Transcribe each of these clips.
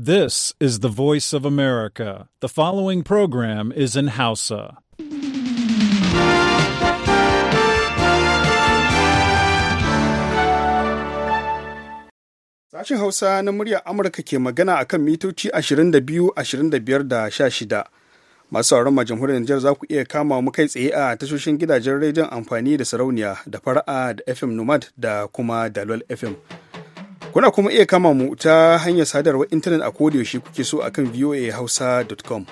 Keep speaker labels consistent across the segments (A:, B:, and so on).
A: This is the voice of America. The following program is in Hausa.
B: Sashen Hausa na muryar Amurka ke magana a kan mitoci 22, 25 da 16. Masu sauran ma jamhuriyar Nijar za ku iya kama mu kai tsaye a tashoshin gidajen rediyon amfani da sarauniya da fara'a da FM Nomad da kuma Dalol FM. Kuna kuma iya kama mu ta hanyar sadarwar intanet a kodayaushe kuke so akan voahausa.com.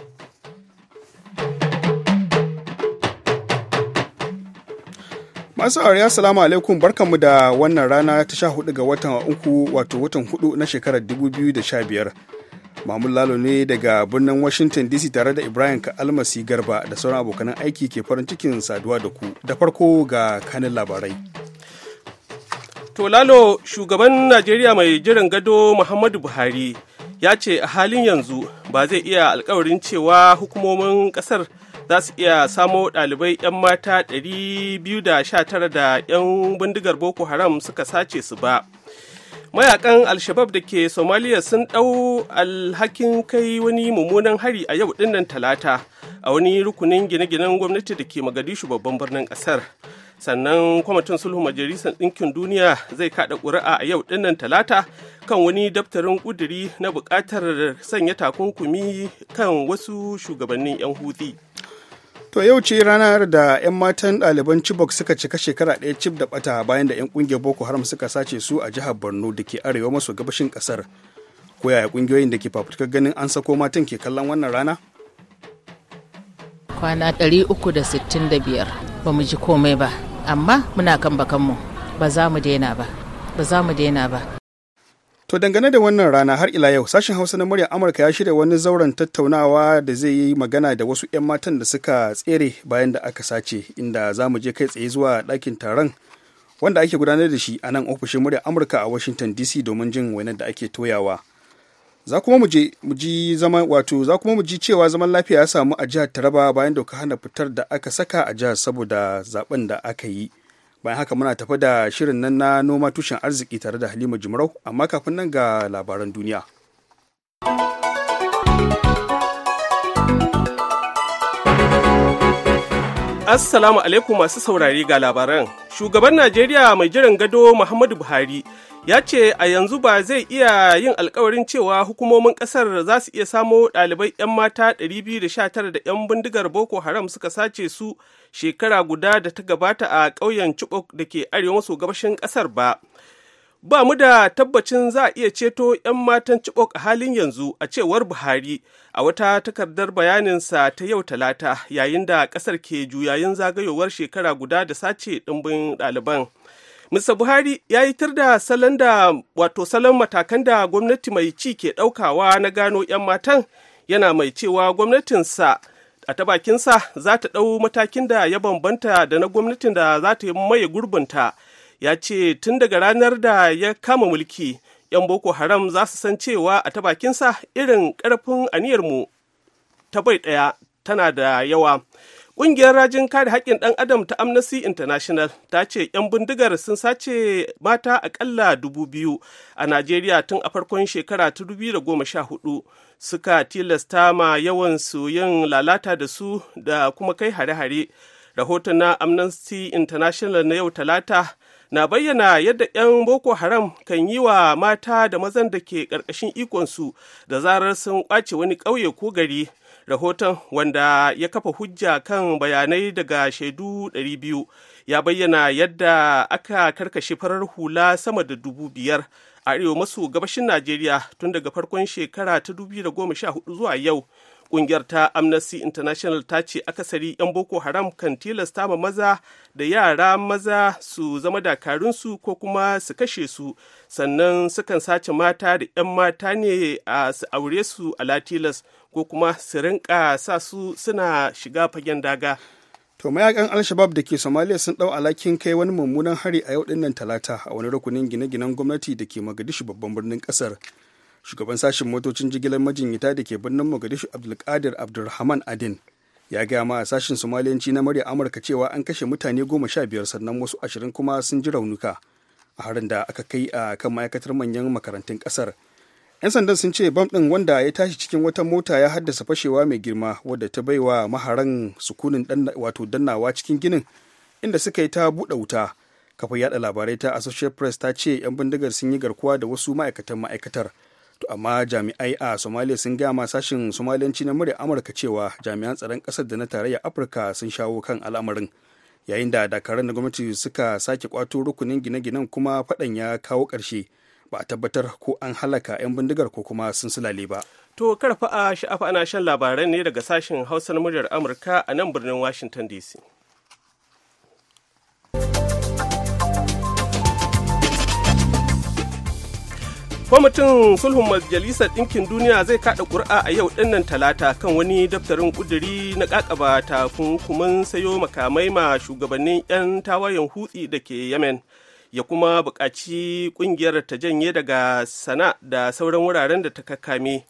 B: Masu aure assalamu alaikum barkanmu da wannan rana ta sha hudu ga watan uku wato watan hudu na shekarar 2015. Mamun Lalo ne daga birnin Washington DC tare da Ibrahim Almasi Garba da sauran abokanan aiki ke farin cikin saduwa da ku. Da farko ga kanin labarai.
C: To Lalo shugaban Najeriya mai jiran gado Muhammadu Buhari ya ce a halin yanzu ba zai iya alkawarin cewa hukumomin kasar za su iya samo ɗalibai 'yan mata 219 da 'yan bindigar Boko Haram suka sace su ba. Mayakan Alshabab da ke Somaliya sun ɗau alhakin kai wani mummunan hari a yau dinnan talata a wani rukunin gine-ginen gwamnati da ke Magadishu babban birnin ƙasar. sannan kwamitin sulhu majalisar ɗinkin duniya zai kaɗa ƙuri'a a yau ɗinnan talata kan wani daftarin ƙuduri na buƙatar sanya takunkumi kan wasu shugabannin 'yan hutu
B: To yau ce ranar da 'yan matan ɗaliban Chibok suka cika shekara ɗaya cib da bata bayan da 'yan ƙungiyar Boko Haram suka sace su a jihar Borno da ke arewa maso gabashin ƙasar. Ko yaya ƙungiyoyin da ke fafutukar ganin an sako matan ke kallon wannan rana?
A: Kwana 365 ba mu ji komai ba. amma muna kan bakanmu ba za mu daina ba ba za mu daina ba
B: To dangane da wannan rana har ila yau sashen Hausa na muryar Amurka ya shirya wani zauren tattaunawa da zai yi magana da wasu 'yan matan da suka tsere bayan da aka sace inda za mu je kai tsaye zuwa ɗakin taron wanda ake gudanar da shi a nan ofishin muryar Amurka a Washington DC domin jin wani da ake toyawa. za kuma mu ji zama wato za kuma mu ji cewa zaman lafiya ya samu a jihar Taraba bayan doka hana fitar da aka saka a jihar saboda zaben da aka yi bayan haka muna tafi da shirin nan na noma tushen arziki tare da Halima jimrau amma kafin nan ga labaran duniya
C: Assalamu alaikum masu saurari ga labaran. Shugaban Najeriya mai jiran gado Muhammadu Buhari ya ce a yanzu ba zai iya yin alkawarin cewa hukumomin kasar za su iya samo ɗalibai 'yan mata 219 da 'yan bindigar boko haram suka sace su shekara guda da ta gabata a ƙauyen chibok da ke arewa maso gabashin ƙasar ba ba mu da tabbacin za a iya ceto 'yan matan chibok a halin yanzu a cewar buhari a wata takardar bayanin sa ta yau talata yayin da ƙasar ke juyayin zagayowar shekara guda da sace ɗimbin ɗaliban. Mr. Buhari ya yi tir da salon da wato salon matakan da gwamnati mai ci ke ɗaukawa na gano 'yan matan yana mai cewa gwamnatinsa a ta bakinsa za ta ɗau matakin da ya bambanta da na gwamnatin da za ta yi maye gurbinta ya ce tun daga ranar da ya kama mulki 'yan boko haram za su san cewa a ta bakinsa irin ƙarfin aniyarmu ta bai ɗaya tana da yawa Ƙungiyar rajin kare haƙƙin ɗan adam ta Amnesty International ta ce 'yan bindigar sun sace mata aƙalla dubu biyu a Najeriya tun a farkon shekara ta hudu suka tilasta ma yawan su lalata da su da kuma kai hare-hare. Rahoton na Amnesty International na yau talata na bayyana yadda 'yan Boko Haram kan yi wa mata da mazan da ke ƙarƙashin ikonsu da zarar sun ƙwace wani ƙauye ko gari. rahoton wanda ya kafa hujja kan bayanai daga shaidu 200 ya bayyana yadda aka karkashi farar hula sama da dubu biyar a arewa maso gabashin najeriya tun daga farkon shekara ta 2014 zuwa yau kungiyar ta amnesty international ta ce akasari 'yan boko haram kan tilasta ma maza da yara maza su zama dakarunsu ko kuma su kashe su sannan sukan sace mata da 'yan mata ne a su aure su a latilas ko kuma su rinka sa su suna shiga fagen daga
B: to mayakan alshabab da ke somalia sun dau alakin kai wani mummunan hari a yau dinnan talata a wani rukunin gine-ginen gwamnati da ke mogadishu babban birnin kasar shugaban sashen motocin jigilar majinyata da ke birnin mogadishu abdulkadir abdulrahman adin ya gaya ma sashen somaliyanci na murya amurka cewa an kashe mutane goma sha biyar sannan wasu ashirin kuma sun ji raunuka a harin da aka kai a kan ma'aikatar manyan makarantun kasar 'yan sandan sun ce bam ɗin wanda ya tashi cikin wata mota ya haddasa fashewa mai girma wadda ta baiwa maharan sukunin wato dannawa cikin ginin inda suka yi ta buɗe wuta kafin yada labarai ta associated press ta ce 'yan bindigar sun yi garkuwa da wasu ma'aikatan ma'aikatar to amma jami'ai a somalia sun gama sashin somaliyanci na murya amurka cewa jami'an tsaron ƙasar da na tarayyar afirka sun shawo kan al'amarin yayin da dakaran da gwamnati suka sake kwato rukunin gine-ginen kuma faɗan ya kawo ƙarshe ba a tabbatar ko an halaka 'yan bindigar ko kuma sun sulale ba to karfa a
C: sha'afa ana shan labarai ne daga sashen hausa muryar amurka a nan birnin washington dc kwamitin sulhun majalisar ɗinkin duniya zai kaɗa ƙuri'a a yau ɗinnan talata kan wani daftarin ƙuduri na ƙaƙaba takunkumin sayo makamai ma shugabannin 'yan tawayen hutsi da ke yemen ya kuma buƙaci ƙungiyar ta janye daga sana da sauran wuraren da ta kakkame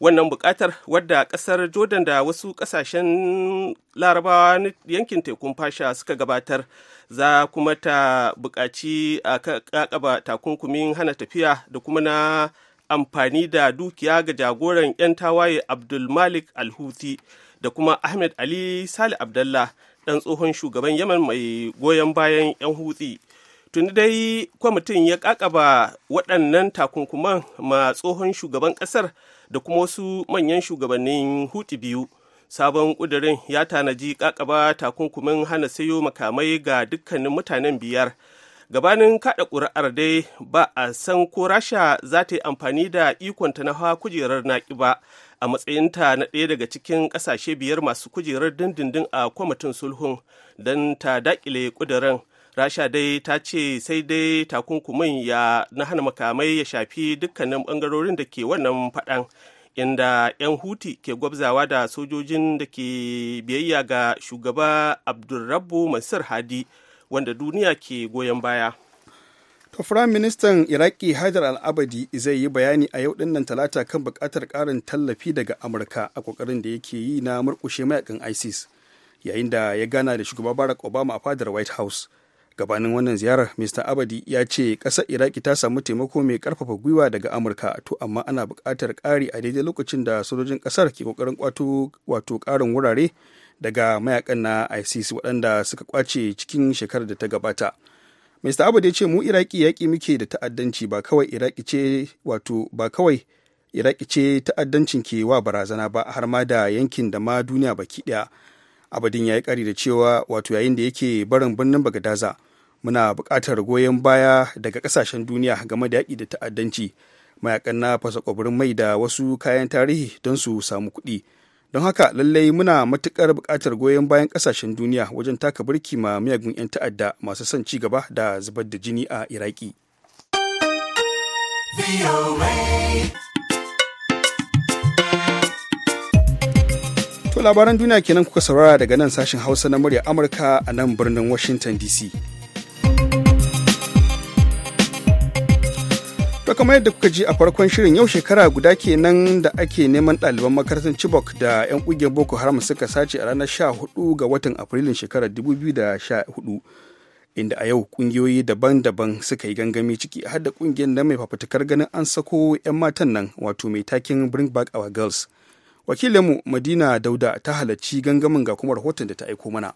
C: wannan buƙatar wadda ƙasar jordan da wasu ƙasashen larabawa na yankin tekun fasha suka gabatar za kuma ta buƙaci a kakaba takunkumin hana tafiya da kuma na amfani da dukiya ga jagoran 'yan tawaye abdulmalik alhuti da kuma ahmed ali sali abdallah ɗan tsohon shugaban yaman mai goyon bayan 'yan hutsi tuni dai kwamitin ya kakaba waɗannan takunkuman ma tsohon shugaban ƙasar da kuma wasu manyan shugabannin hutu biyu sabon ƙudurin ya tanaji kakaba takunkumin hana sayo makamai ga dukkanin mutanen biyar gabanin kada ƙuri'ar dai ba a san ko rasha za ta yi amfani da ikonta na hawa kujerar naƙi ba a matsayinta na ɗaya daga cikin ƙasashe biyar masu kujerar dindindin a kwamitin sulhun don ta daƙile ƙudurin rasha dai ta ce sai dai takunkumin ya na hana makamai ya shafi dukkanin bangarorin da ke wannan faɗan inda 'yan huti ke gwabzawa da sojojin da ke biyayya ga shugaba abdulrabu mansur hadi wanda duniya ke goyon baya
B: To Firayim Ministan Iraki Haidar al zai yi bayani a yau dinnan talata kan buƙatar ƙarin tallafi daga Amurka a ƙoƙarin da yake yi na murƙushe mayakan ISIS yayin da ya gana da shugaba Barack Obama a fadar White House. gabanin wannan ziyarar mr abadi ya ce ƙasar iraki ta samu taimako mai karfafa gwiwa daga amurka to amma ana bukatar ƙari a daidai lokacin da sojojin ƙasar ke ƙoƙarin wato ƙarin wurare daga mayakan na isis waɗanda suka kwace cikin shekarar da ta gabata mr abadi ya ce mu iraki yaƙi muke da ta'addanci ba kawai iraki ce wato ba kawai iraki ce ta'addancin ke wa barazana ba har ma da yankin da ma duniya baki ɗaya abadin ya yi kari da cewa wato yayin da yake barin birnin bagadaza muna buƙatar goyon baya daga ƙasashen duniya game da yaƙi da ta'addanci mayakan na fasa kwabirin mai da wasu kayan tarihi don su samu kuɗi don haka lallai muna matuƙar buƙatar goyon bayan ƙasashen duniya wajen taka birki ma miyagun 'yan ta'adda masu son ci gaba da zubar da jini a iraki. labaran duniya kenan kuka saurara daga nan sashen Hausa na murya Amurka a nan birnin Washington DC. To kamar yadda kuka ji a farkon shirin yau shekara guda kenan da ake neman ɗaliban makarantar Chibok da 'yan ƙungiyar Boko Haram suka sace a ranar 14 ga watan Afrilun shekarar 2014. inda a yau kungiyoyi daban-daban suka yi gangami ciki har da kungiyar na mai fafutukar ganin an sako 'yan matan nan wato mai takin bring back our girls wakilinmu madina dauda ta halarci gangamin ga kuma rahoton da ta aiko mana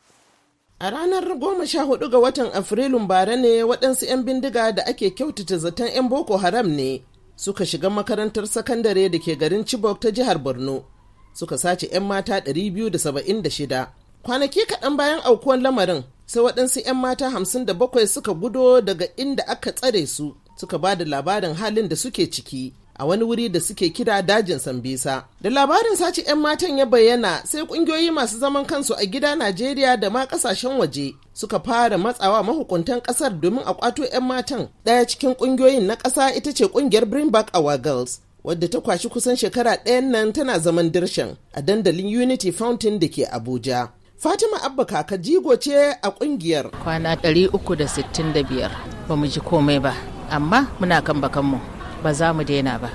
D: A ranar goma sha hudu ga watan Afrilun bara ne waɗansu 'yan bindiga da ake kyautata zaton 'yan Boko Haram ne suka shiga makarantar sakandare da ke garin Chibok ta jihar Borno suka sace 'yan mata 276. Kwanaki kaɗan bayan aukuwan lamarin sai waɗansu 'yan mata 57 suka gudo daga inda aka tsare su suka ba da labarin halin da suke ciki a wani wuri da suke kira dajin Sambisa. Da labarin sace 'yan matan ya bayyana sai ƙungiyoyi masu zaman kansu a gida Najeriya da ma ƙasashen waje suka fara matsawa mahukuntan ƙasar domin a kwato 'yan matan. Ɗaya cikin ƙungiyoyin na ƙasa ita ce ƙungiyar Bring Back Our Girls. wadda ta kwashi kusan shekara ɗayan nan tana zaman dirshan a dandalin unity fountain da ke abuja fatima abba kaka jigo ce a
A: ƙungiyar. kwana 365 ba mu ji komai ba amma muna kan bakanmu ba za mu daina ba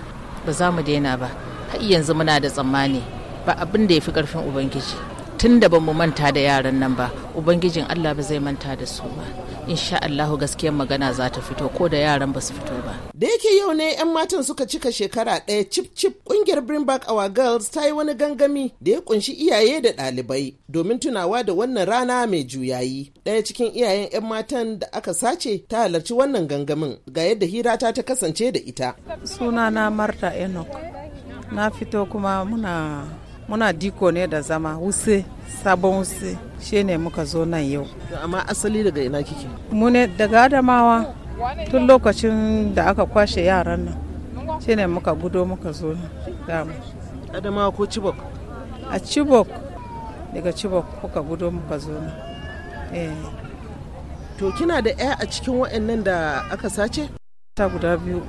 A: ba za mu daina ba har yanzu muna da tsammani ba abin da ya fi karfin ubangiji tun da ba mu manta da yaran nan ba ubangijin allah ba zai manta da su ba insha Allahu gaskiyar magana za ta fito ko da yaran ba su fito ba.
D: Da yake yau ne 'yan matan suka cika shekara ɗaya cip cip ƙungiyar Bring Back Our Girls ta yi wani gangami da ya kunshi iyaye da ɗalibai domin tunawa da wannan rana mai juyayi. Ɗaya cikin iyayen 'yan matan da aka sace ta halarci wannan gangamin ga yadda hirata ta
A: kasance da ita. Sunana Marta Enoch. Na fito kuma muna muna diko ne da zama wuse sabon wuse shi ne muka zo nan yau amma asali daga ina kike mu ne daga adamawa tun lokacin da aka kwashe yaran nan shi ne muka gudo muka zo dama adamawa ko chibok a chibok daga chibok muka gudo muka zo nan eh. to kina da 'ya a cikin waɗannan da aka sace ta guda biyu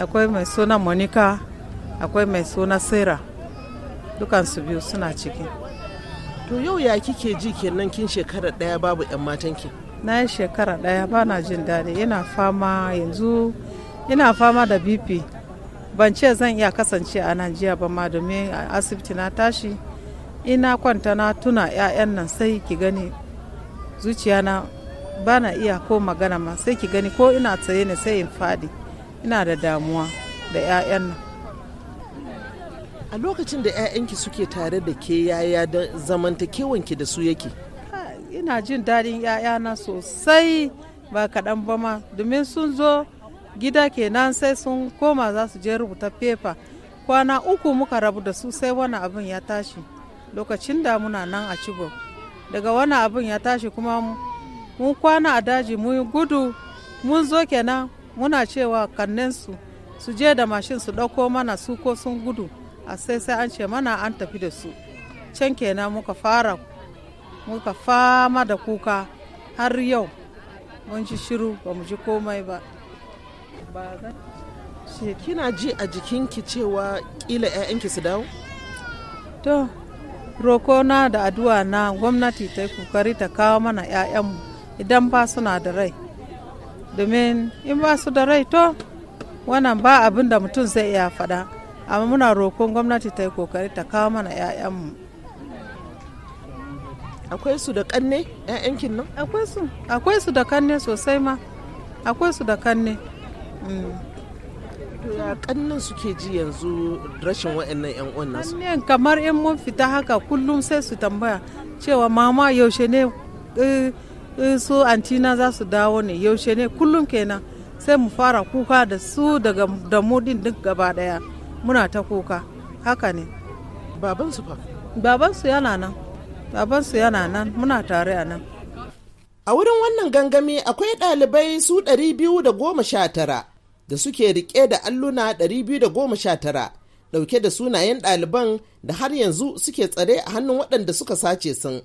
A: akwai mai suna monica akwai mai suna sarah dukansu biyu suna ciki to yau ya kike ji kenan kin shekara daya babu yan matanki na yi shekara daya ba na jin daɗi ina fama yanzu ina fama da bp ban ce zan iya kasance a nan jiya ba ma domin asibiti na tashi ina kwanta na tuna 'ya'yan nan sai ki gani zuciya na ba na iya ko magana ma sai ki gani ko ina tsaye ne sai in fadi ina da damuwa da 'ya'yan nan a lokacin da 'ya'yanki suke tare da ke yaya da zamantakewanki da su yake ina jin daɗin 'ya'yana sosai ba kaɗan ba ma domin sun zo gida kenan sai sun koma za su je rubuta fefa kwana uku muka rabu da su sai wani abin ya tashi lokacin da muna nan a cibo daga wani abin ya tashi kuma mun kwana a daji mun gudu mun zo kenan muna cewa kannensu su je da mashin su ɗauko mana su ko sun gudu a sai sai an ce mana an tafi da su can kenan muka fara muka fama da kuka har yau mun ji shiru ba mu ji komai ba shi kina ji a jikinki cewa ƙila 'ya'yanki su dawo? to roko na da addu'a na gwamnati ta kokari ta kawo mana 'ya'yanmu idan ba suna da rai domin in ba su da rai to wannan ba abin da mutum zai iya faɗa amma muna roƙon gwamnati ta yi kokari ta kawo mana 'ya'yanmu akwai su da kanne 'ya'yankin nan akwai su akwai su da kanne sosai ma akwai su da kanne mm.
D: ya kannan suke ji yanzu rashin wa'annan 'yan uwan su kanne
A: kamar in mun fita haka kullum sai su tambaya cewa mama yaushe ne eh, eh, su antina za su dawo ne yaushe ne kullum kenan sai mu fara kuka da su daga da duk gaba daya muna ta kuka haka ne babansu fa babansu yana nan babansu yana nan muna tare a nan
D: a wurin wannan gangami akwai ɗalibai su 219 da suke rike da alluna 219 ɗauke da sunayen ɗaliban da har yanzu suke tsare a hannun waɗanda suka sace sun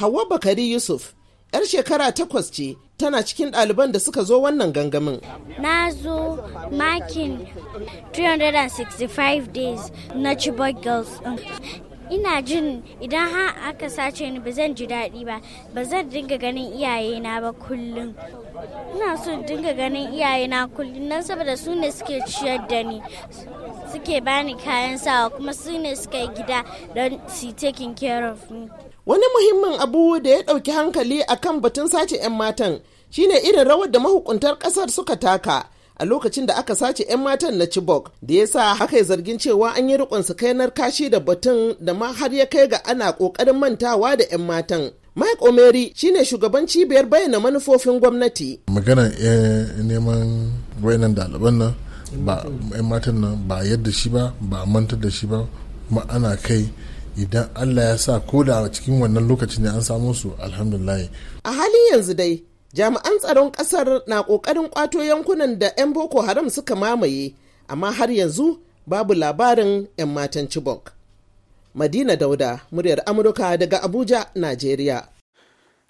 D: hawa bakari yusuf 'yar shekara takwas ce tana cikin ɗaliban da suka zo wannan gangamin.
E: Na zo makin 365 days na Chibok Girls. Ina jin idan har aka sace ni ba zan ji daɗi ba, ba zan dinga ganin iyayena ba kullum. Ina so dinga ganin iyayena kullum nan saboda su ne suke ciyar da ni. Suke bani kayan sawa kuma su ne suka yi gida don su taking care of me.
D: wani muhimmin abu da ya ɗauki hankali a kan batun sace 'yan matan shine irin rawar da mahukuntar ƙasar suka taka a lokacin da aka sace 'yan matan na chibok da ya sa haka zargin cewa an yi rikon kainar kashi da batun da ma har ya kai ga ana ƙoƙarin mantawa da 'yan matan mike omeri shine shugaban cibiyar bayyana manufofin gwamnati
F: magana eh, neman wayannan ɗaliban nan ba 'yan matan nan ba yadda shi ba ba mantar da shi ba kuma ana kai idan allah ya sa ko da a cikin wannan lokacin ne an samu su alhamdulillah a
D: halin yanzu dai jami'an tsaron ƙasar na kokarin kwato yankunan da 'yan boko haram suka mamaye amma har yanzu babu labarin 'yan matan chibok madina dauda muryar amurka daga abuja najeriya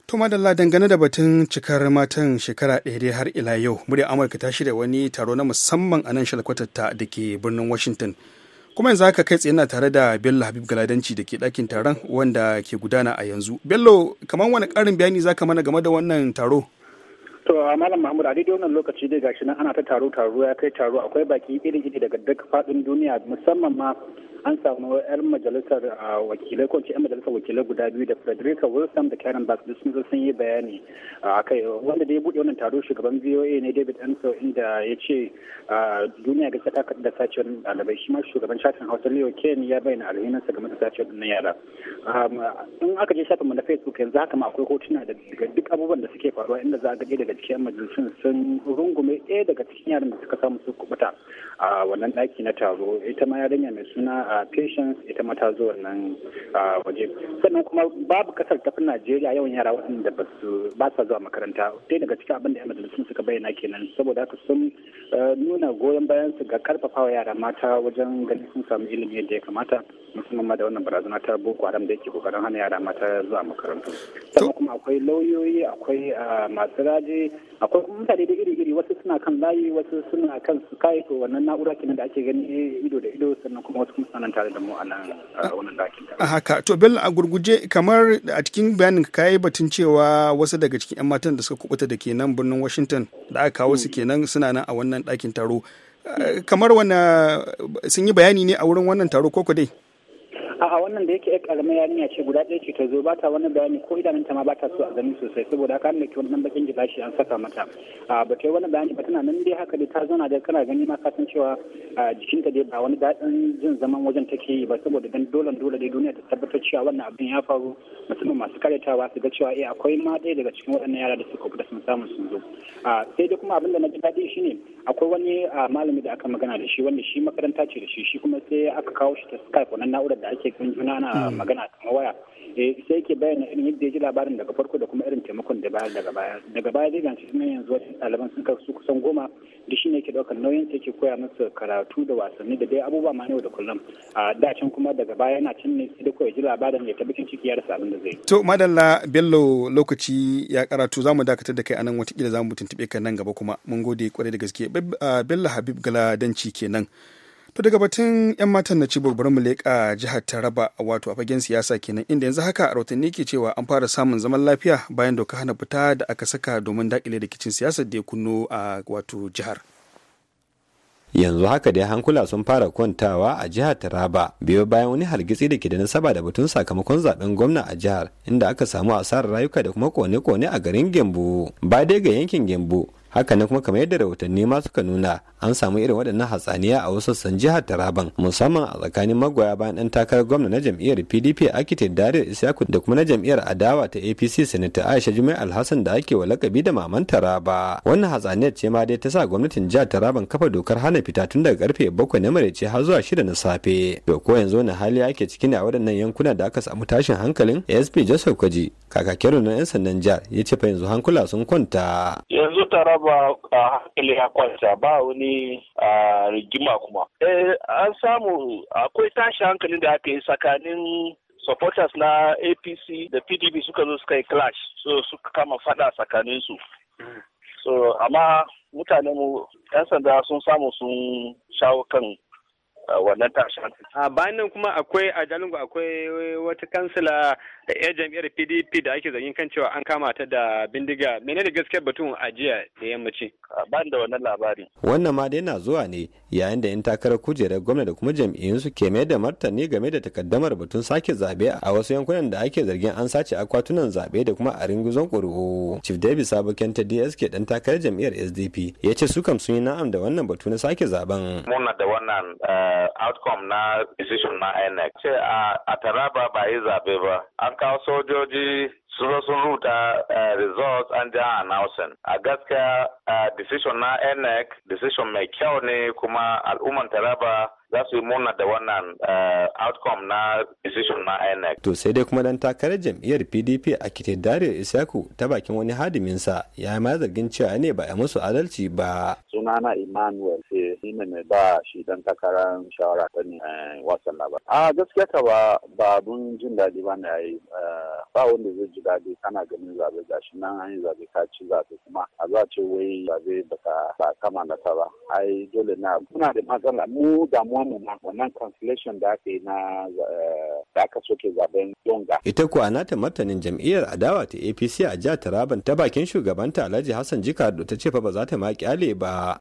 B: To madalla dangane da batun cikar matan shekara ɗaya dai har ila yau, muryar Amurka ta shirya wani taro na musamman a nan shalkwatar ta da ke birnin Washington. kuma yanzu haka kai tsaye na tare da bello habib galadanci da ke ɗakin taron wanda ke gudana a yanzu bello kamar wani karin bayani za ka mana game da wannan taro
G: to malam mahmud a daidai wannan lokaci dai gashi nan ana ta taro taro ya kai taro akwai baki iri iri daga duk faɗin duniya musamman ma an samu 'yan majalisar wakilai ko 'yan majalisar wakilai guda biyu da frederica wilson da karen bax sun zo sun yi bayani a kai wanda da ya buɗe wannan taro shugaban voa ne david anso inda ya ce duniya ga ta da sacewar ɗalibai shi ma shugaban shafin hausa leo ken ya bayyana sa game da sacewar na yara in aka je shafinmu na facebook yanzu haka ma akwai hotuna daga duk abubuwan da suke faruwa inda za a ga daga cikin majalisun sun rungume ɗaya daga cikin yaran da suka samu su kubuta a wannan ɗaki na taro ita ma yarinya mai suna patients ita ma ta zo waje sannan kuma babu kasar tafi najeriya yawan yara waɗanda ba su ba sa zuwa makaranta ɗaya daga cikin abin da yan majalisun suka bayyana kenan saboda haka sun eh, nuna goyon bayan su ga karfafawa yara mata wajen ganin sun samu ilimi yadda ya kamata musamman ma da wannan barazana ta boko haram da yake kokarin hana yara mata zuwa makarantu sannan kuma akwai lauyoyi akwai ah, masu raje akwai mutane da iri-iri wasu suna kan layi wasu suna kan su kai to wannan na'ura kenan da ake gani ido da ido sannan kuma wasu kuma sanan tare da mu a nan ah, wannan
B: dakin haka to bello a gurguje kamar a cikin bayanin ka yi batun cewa wasu daga cikin yan matan da suka kubuta da ke nan birnin washington da aka kawo su mm. kenan suna nan a wannan dakin taro ah, kamar wani sun yi bayani ne a wurin wannan taro koko dai
G: a'a wannan da yake yar karamar yarinya ce guda ɗaya ce ta zo ba ta wani bayani ko ta ma ba ta so a gani sosai saboda haka an dake wannan bakin gilashi an saka mata ba ta yi wani bayani ba tana nan dai haka dai ta zauna da kana gani ma ka san cewa jikinta dai ba wani daɗin jin zaman wajen take yi ba saboda dan dole dole dai duniya ta tabbatar cewa wannan abin ya faru musamman masu karyatawa su ga cewa eh akwai ma ɗaya daga cikin waɗannan yara da suka fita sun samu sun zo sai dai kuma abin da na ji daɗi ne akwai wani malami da aka magana da shi wanda shi makaranta ce da shi shi kuma sai aka kawo shi ta Skype wannan na'urar da ake kun juna na hmm. magana kamar waya eh, sai ke bayyana irin yadda ya ji labarin daga farko da kuma irin taimakon da bayar daga baya daga baya zai gansu sunan yanzu wasu ɗaliban sun karsu kusan goma da shi ne ke ɗaukar nauyin ta ke koya masa karatu da wasanni da dai abubuwa ma yau da kullum a can kuma daga baya yana cin ne sai da kawai ji labarin ya tabbakin ciki ya rasa abin da zai
B: to madalla bello lokaci ya karatu mu dakatar da kai anan watakila zamu tuntuɓe ka nan gaba kuma mun gode kwarai da gaske ah, bello habib galadanci kenan To daga batun 'yan matan na cibiyar bari mu leƙa jihar Taraba wato a fagen siyasa kenan inda yanzu haka rahotanni ke cewa an fara samun zaman lafiya bayan doka hana fita da aka saka domin daƙile rikicin siyasar da ya kunno a wato jihar.
H: yanzu haka dai hankula sun fara kwantawa a jihar taraba biyo bayan wani hargitsi da ke da nasaba da batun sakamakon zaben gwamna a jihar inda aka samu asarar rayuka da kuma kone-kone a garin gembu ba dai ga yankin gembu haka kuma kamar yadda rahotanni ma suka nuna an samu irin waɗannan hatsaniya a wasu sassan jihar taraban musamman a tsakanin magoya bayan ɗan takarar gwamna na jam'iyyar pdp akitin darir isyaku da kuma na jam'iyyar adawa ta apc senator aisha jumai alhassan da ake wa lakabi da maman taraba wannan hatsaniyar ce ma dai ta sa gwamnatin jihar taraban kafa dokar hana fita tun daga karfe bakwai na maraice har zuwa shida na safe to ko yanzu wani hali ake ciki ne a waɗannan yankuna da aka samu tashin hankalin asp joseph kwaji kakakin na 'yan sandan jihar ya ce fa yanzu hankula sun kwanta.
G: yanzu taraba a hankali ya kwanta ba wani a rigima kuma. Eh, an samu akwai tashi hankalin da aka yi tsakanin supporters na apc da pdp suka zo suka yi clash so suka kama fada tsakanin su. so amma mutanen 'yan sanda sun samu sun shawo kan wannan tashin.
H: A bayan nan kuma akwai a Jalingo akwai wata kansila ya jam'iyyar PDP da ake zargin kan cewa an kama ta da bindiga menene gaskiyar batun ajiya jiya da yammaci. Ban da wannan labari. Wannan ma dai na zuwa ne yayin da 'yan takarar kujerar gwamna da kuma jam'iyyunsu ke mai da martani game da takaddamar batun sake zabe a wasu yankunan da ake zargin an sace akwatunan zabe da kuma a ringuzon ƙuri'u. Chief Sabo Sabuken ta DSK dan takarar jam'iyyar SDP ya ce su kam sun yi na'am da wannan batu na sake zaben. Muna
E: da wannan eh, Uh, outcome na decision na INEC. Ce a Taraba ba yi zabe ba. An kawo sojoji sun sun ruta uh, results an ja announcing. A gaskiya uh, decision na INEC decision mai kyau ne kuma al'umman Taraba zasu su yi murna da wannan eh, outcome na decision na INEC.
H: To sai dai kuma dan takarar jam'iyyar PDP a kite Dariyar Isaku ta bakin wani hadimin sa ya ma zargin cewa ne ba a musu adalci ba.
G: Sunana Emmanuel ce shi ne mai ba shi dan takarar shawara ta ne eh, wasa labar. A gaskiya ka ba ba abun jin daɗi ba na yi eh, ba wanda zai ji daɗi kana ganin zabe shi nan an yi zabe ka ci zabe kuma a za ce wai zabe ba kama ta ba. Ai dole na muna da matsala mu damuwa mu wannan cancellation da aka yi na eh, da aka soke zaben Yonga.
H: Ita kuwa ta martanin jam'iyyar adawa ta APC a jihar Taraban ta bakin shugabanta Alhaji Hassan Jikado ta ce fa ba za ta ma kyale ba.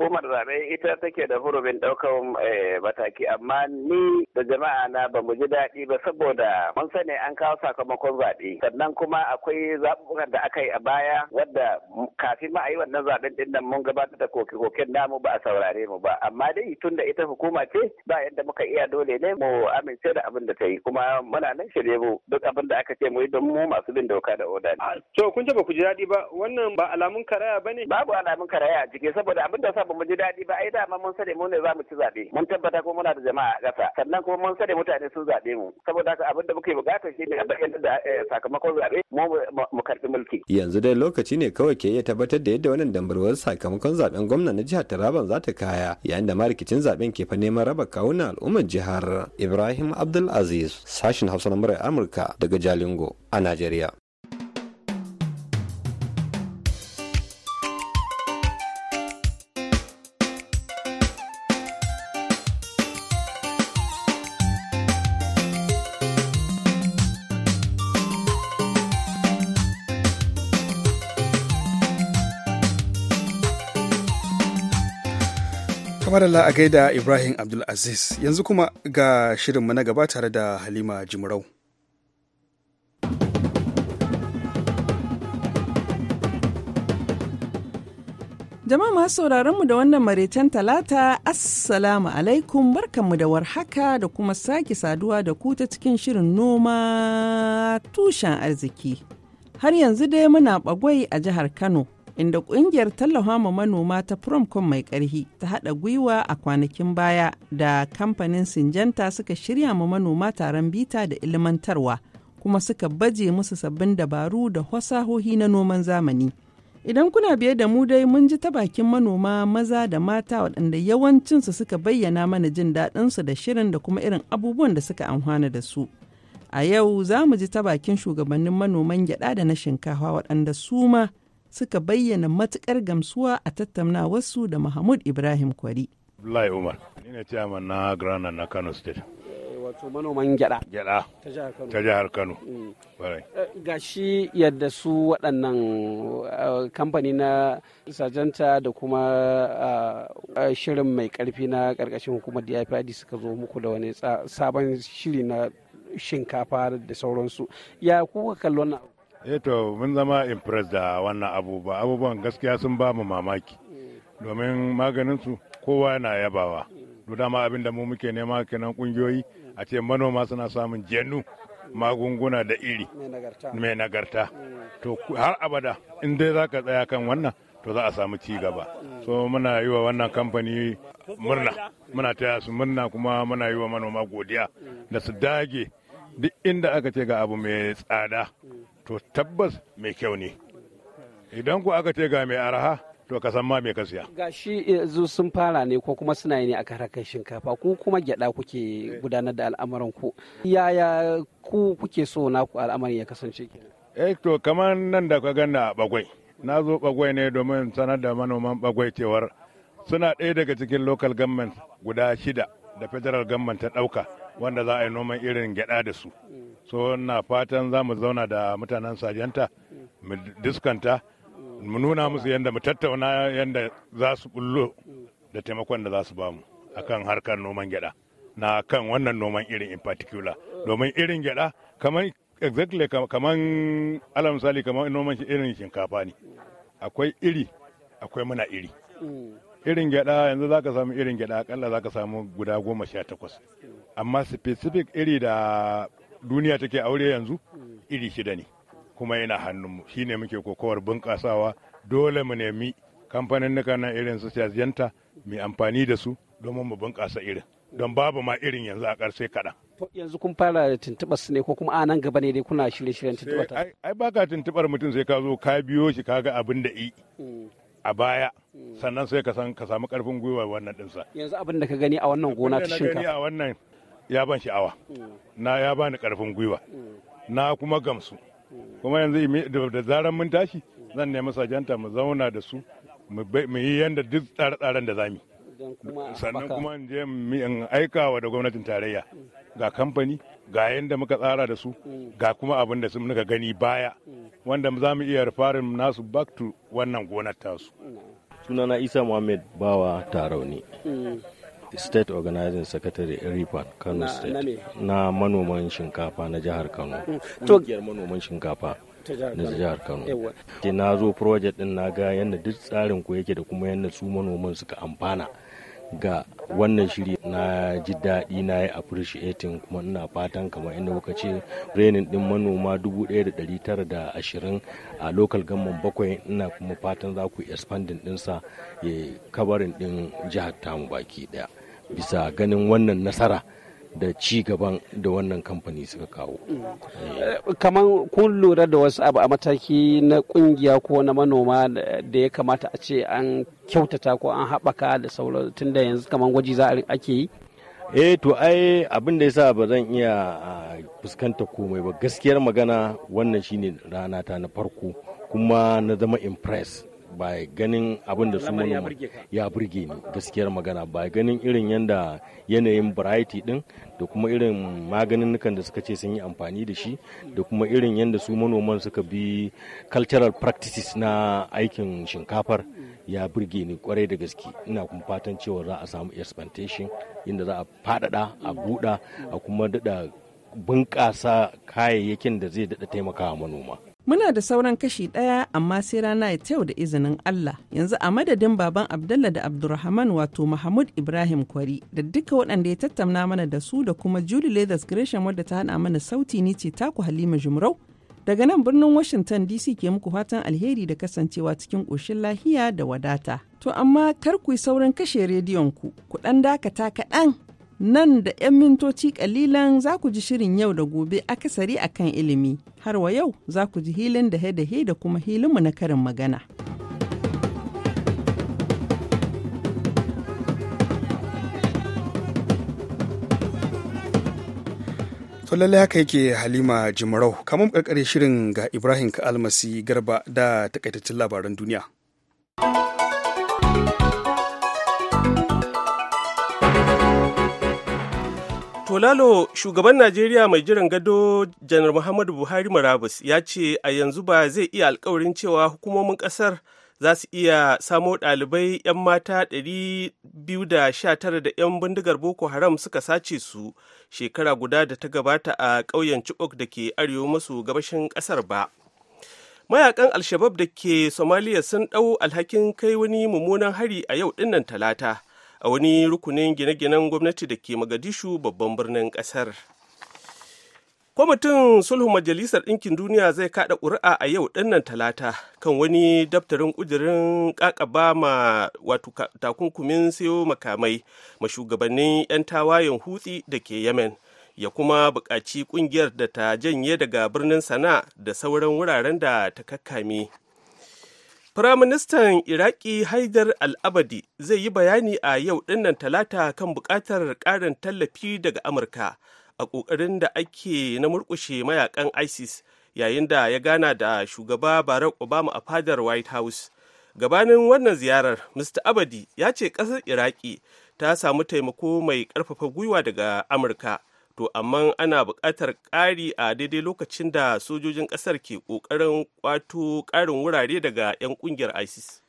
G: hukumar zaɓe ita take da hurumin ɗaukan eh, mataki amma ni da jama'a na ba mu ji daɗi ba saboda mun sani an kawo sakamakon zaɓe sannan kuma akwai zaɓuɓɓukan da aka yi a baya wadda kafin ma a yi wannan zaɓen ɗin nan mun gabatar da koke-koken namu ba a saurare mu ba amma dai tun da ita hukuma ce ba yadda muka iya dole ne mu amince da abin da ta yi kuma muna nan shirye mu duk abin da aka ce mu yi don mu masu bin doka da oda ne. to kun ce ba ku ji daɗi ba wannan ba alamun karaya ba ne. babu alamun karaya a saboda abin da sa ba mu ji daɗi ba ai dama mun sani mu ne za mu ci zaɓe mun tabbata ko muna da jama'a a ƙasa sannan kuma mun sani mutane sun zaɓe mu saboda haka abin da muke bukata shi ne a bayyana da eh, sakamakon zaɓe mu mu karɓi mulki.
H: Yanzu dai lokaci ne kawai ke iya tabbatar da yadda wannan dambarwar sakamakon zaɓen gwamna na jihar Taraban za ta kaya yayin da marikicin zaɓen ke fa neman raba kawunan al'ummar jihar. Ibrahim Abdulaziz sashin Hausa na Amurka daga Jalingo a Najeriya.
B: kamar Allah a gaida Ibrahim Abdulaziz yanzu kuma ga shirinmu na gaba tare da Halima Jimrau.
I: Jama'a masu sauraron mu da wannan maraicen talata Assalamu alaikum barkanmu da warhaka da kuma sake saduwa da ku ta cikin shirin noma tushen arziki. Har yanzu dai muna bagwai a jihar Kano inda kungiyar tallafa manoma ta Promcom mai karhi ta haɗa gwiwa a kwanakin baya da kamfanin Sinjanta suka shirya ma manoma taron bita da ilmantarwa kuma suka baje musu sabbin dabaru da fasahohi na noman zamani. Idan kuna biye da mu dai mun ji ta bakin manoma maza da mata waɗanda yawancinsu suka bayyana mana jin daɗinsu da shirin da kuma irin abubuwan da suka amfana da su. A yau za mu ji ta bakin shugabannin manoman gyaɗa da na shinkafa waɗanda su ma suka bayyana matukar gamsuwa a tattaunawarsu da Mahmud Ibrahim
E: Kwari. Abdullahi Umar, ni ne chairman na Grand na Kano State. Eh, wato manoman gyada. Gyada. Ta jihar Kano. Mm. Eh, ga shi yadda su waɗannan
C: eh, kamfani na sajanta da kuma shirin mai ƙarfi na ƙarƙashin hukumar DIPID suka zo muku da wani sabon shiri na
E: shinkafa da sauransu. Ya kuka kallon eto eh mun zama impress da wannan abubuwa abubuwan gaskiya sun ba mu mamaki domin maganin su kowa na yabawa to dama abin da mu muke nema kenan kungiyoyi a ce manoma suna samun jenu magunguna da iri mai nagarta mm. to har abada in dai zaka tsaya kan wannan to za a samu ci gaba mm. so muna yi wa wannan kamfani murna muna taya su murna kuma muna yi wa manoma godiya mm. da su dage duk inda aka ce ga abu mai tsada to tabbas mai kyau ne idan ku aka ce ga mai araha to ka san ma mai ka siya
B: ga shi yanzu sun fara
D: ne ko kuma suna yi ne aka harkar shinkafa ko kuma gyada kuke gudanar da al'amuran ku
E: yaya ku kuke so ku al'amarin ya kasance kenan eh to kamar nan da ka ganna bagwai na zo bagwai ne domin sanar da manoman bagwai cewar suna ɗaya daga cikin local government guda shida da federal government ta ɗauka wanda za a yi noman irin gyada da su so na fatan za mu zauna da mutanen sajanta mu diskanta mu nuna musu yadda mu tattauna yadda za su bullo da taimakon da za su bamu akan harkar noman gyada na kan wannan noman irin in particular domin irin gyada kamar exactly kamar ala misali kamar noman irin shinkafa ne akwai iri akwai muna iri irin gyada yanzu za ka samu irin gyada akalla za ka samu guda goma sha takwas amma specific iri da duniya take aure yanzu iri shida ne kuma yana hannunmu ne muke kokowar bunƙasawa dole mu nemi kamfanin na irin su siyaziyanta mai amfani da su domin mu bunƙasa irin don babu ma irin yanzu a ƙarshe kaɗan. yanzu kun fara tuntuɓar su ne ko kuma a nan gaba ne dai kuna shirye-shiryen tuntuɓar ta ai ba ka tuntuɓar mutum sai ka zo ka biyo shi ka ga abin da hmm. a baya hmm. sannan sai ka samu ƙarfin gwiwa wannan ɗinsa yanzu abin da ka gani a wannan gona ta shinka. a wannan ya ban sha'awa na ya bani karfin gwiwa na kuma gamsu kuma yanzu da zaran mun tashi zan nemi sajanta mu zauna da su mu yi yadda duk tsare-tsaren da zami sannan kuma in je in aikawa da gwamnatin tarayya ga kamfani ga yanda muka tsara da su ga kuma abin da sun muka gani baya wanda za mu iya rufarin nasu back to wannan gonar tasu sunana isa muhammad bawa tarau ne mm.
F: state organizing secretary ripan kano state na manoman shinkafa na jihar kano ƙungiyar mm, manoman shinkafa na jihar kano ke na zo project din na ga yadda duk tsarin ku yake da kuma yadda su manoman suka amfana ga wannan shiri na ji daɗi na yi appreciating kuma ina fatan kamar inda kuka ce renin din manoma 1920 a local gamman bakwai ina kuma fatan za ku expanding ɗinsa ya kabarin ɗin jihar tamu baki ɗaya bisa ganin wannan nasara da ci gaban da wannan kamfani suka kawo.
C: Eh, kamar kun lura da wasu abu a mataki na kungiya
F: ko na manoma da ya kamata a ce an kyautata ko an haɓaka da sauran tun da yanzu kamar gwaji za a ake yi? eh to ai abin da yasa ba zan iya fuskanta komai ba gaskiyar magana wannan shine rana ta na farko kuma na zama impress ba ganin abin da su manoma ya burge ni gaskiyar magana ba ganin irin yadda yanayin variety din da kuma irin maganin da suka ce sun yi amfani da shi da kuma irin yadda su manoman suka bi cultural practices na aikin shinkafar ya burge ni kwarai da gaske ina kuma fatan cewa za a samu expectation inda za a fadada a buɗa a kuma daɗa bunƙasa kayayyakin da zai daɗa taimakawa manoma
I: Muna da sauran kashi ɗaya amma sai rana ta da izinin Allah. Yanzu a madadin baban Abdalla da Abdulrahman wato Mahmud Ibrahim Kwari da duka waɗanda ya tattauna mana da su da kuma Julie Leathers Gresham wadda ta hana mana sauti ni ce taku Halima Jumrau. Daga nan birnin Washington DC ke muku fatan alheri da kasancewa cikin ƙoshin lahiya da wadata. To amma kar ku yi saurin kashe rediyon ku, ku ɗan dakata kaɗan Nan da 'yan mintoci kalilan za ku ji shirin yau da gobe akasari akan ilimi. Har wa yau za ku ji hilin da he da kuma hilinmu na karin magana.
B: lalle haka yake halima jimarau kamar karkare shirin ga ibrahim ka almasi garba da takaitattun labaran duniya.
C: bulalo shugaban Najeriya mai jiran gado janar Muhammadu Buhari Marabus ya ce a yanzu ba zai iya alkawarin cewa hukumomin kasar za su iya samo ɗalibai 'yan mata 219 da 'yan bindigar Boko Haram suka sace su shekara guda da ta gabata a ƙauyen Chibok da ke arewa maso gabashin ƙasar ba. Mayakan Alshabab da ke Somaliya sun ɗau alhakin kai wani mummunan hari a yau ɗinnan talata. a wani rukunin gine-ginen gwamnati da ke Magadishu babban birnin ƙasar. Kwamitin sulhun Majalisar Ɗinkin Duniya zai kaɗa ƙuri'a a yau ɗinnan talata kan wani daftarin ƙudirin ƙaƙaba ma wato takunkumin sayo makamai mashugabannin 'yan tawayen hutsi da ke Yemen. ya kuma buƙaci ƙungiyar da ta janye daga birnin sana da sauran wuraren da ta kakkame Firaministan Iraki Haidar Al-Abadi zai yi bayani a yau dinnan talata kan buƙatar ƙarin tallafi daga Amurka a ƙoƙarin da ake na murƙushe mayakan ISIS yayin da ya gana da shugaba Barack Obama a fadar White House. Gabanin wannan ziyarar, Mr. Abadi ya ce ƙasar Iraki ta samu taimako mai ƙarfafa gwiwa daga Amurka to amma ana buƙatar ƙari a daidai lokacin da sojojin ƙasar ke ƙoƙarin ƙwato ƙarin wurare daga 'yan ƙungiyar isis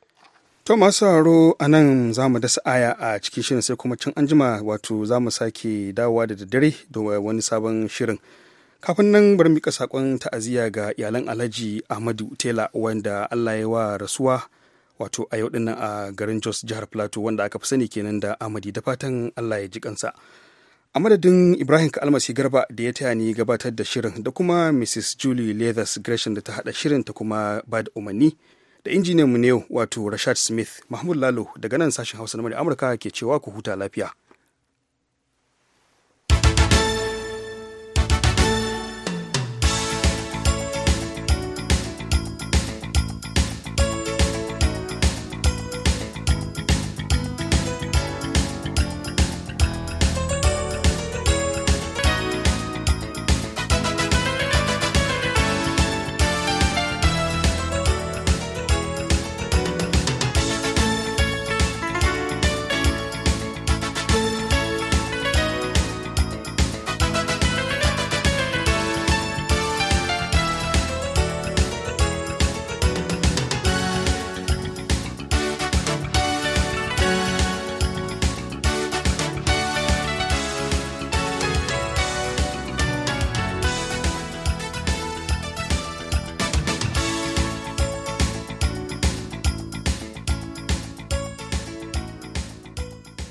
B: to masu haro a nan za mu dasa aya a cikin shirin sai kuma cin anjima wato za mu sake dawowa da daddare da wani sabon shirin kafin nan bari mika saƙon ta'aziyya ga iyalan alhaji ahmadu tela wanda allah ya wa rasuwa wato a yau dinnan a garin jos jihar plateau wanda aka fi sani kenan da amadi da fatan allah ya ji kansa a madadin ibrahim kalmasi garba da ya taya ni gabatar da shirin da kuma mrs julie leathers gresham da ta hada shirin ta kuma bad umarni da injiniyan mu ne wato rashad smith mahmud lalo daga nan sashen hausa na amurka ke cewa ku huta lafiya